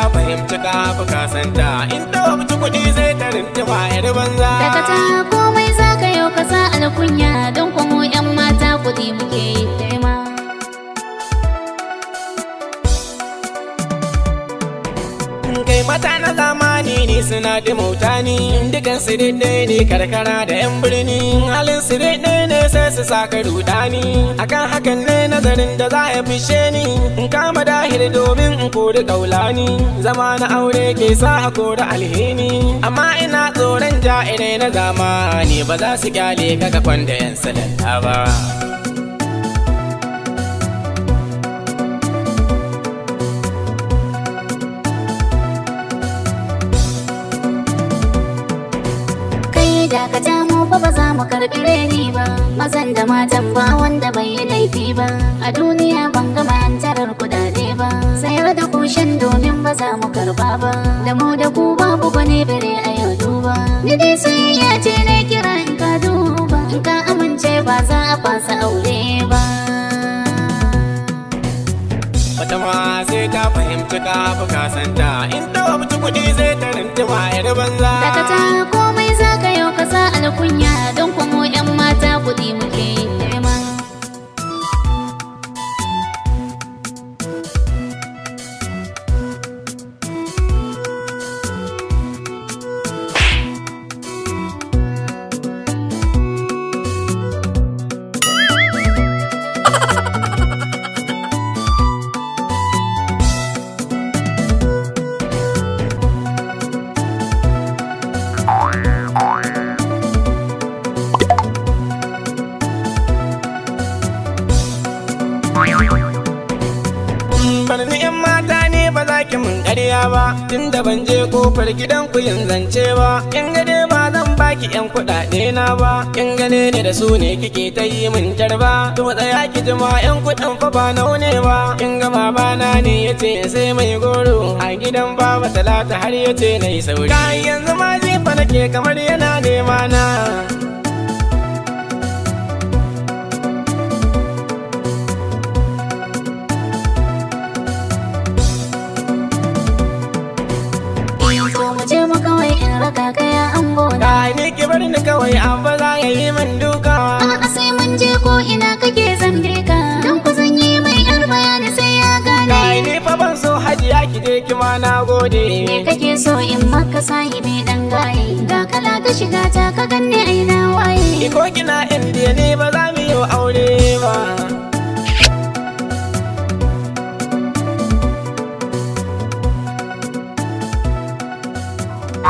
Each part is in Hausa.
ka fahimci ka santa kasanta in ta wabci kuɗi zai ta rintima yar banza dakata komai za ka yau ka sa alkunya don kwamo 'yan mata kuɗi muke faɗi mautani dukan su daidai ne karkara da yan birni halin su daidai ne sai su sa saka ruɗani akan hakan ne nazarin da za ya fishe ni in kama dahiri domin in kori kaulani zama na aure ke sa a kori alhini amma ina tsoron ja'irai na zamani ba za su kyale ka kafan da yan salanta ba. ba za mu karɓi reni ba mazan da matan ba wanda bai yi laifi ba a duniya ban gama ku kudade ba sayar da kushin domin ba za mu karba ba da mu da ku babu bane bare a yau duba ni dai ya ce ne kira in ka duba in ka amince ba za a fasa aure ba wata ma sai ta fahimci ka bukasanta in ta wabu kuɗi zai ta rintima irin banza daga ta komai zaka Barni yan mata ne ba za ki mun ƙarya ba, tun da ban je kofar gidan ku yin zance ba, in gane ba zan baki yan kuɗaɗe na ba, in gane ni da su ne kike ta yi min jarba, to tsaya ki jima yan kuɗin fa ba naune ba, in ga babana ne ya ce sai mai goro, a gidan baba talata har ya ce na yi sauri. Kayan yanzu ma jefa nake kamar yana nema na. bar kawai abba za ya yi min duka a'a sai mun je ko ina kake zan ka dan ku zan yi mai yar bayani sai ya gane kai ne fa ban so hajiya ki je ki ma na gode me kake so in maka sahibi dan gaye Da kala ka shiga ta ka ne ai na waye ko kina indiya ne ba za mu yi aure ba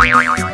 oi, oi.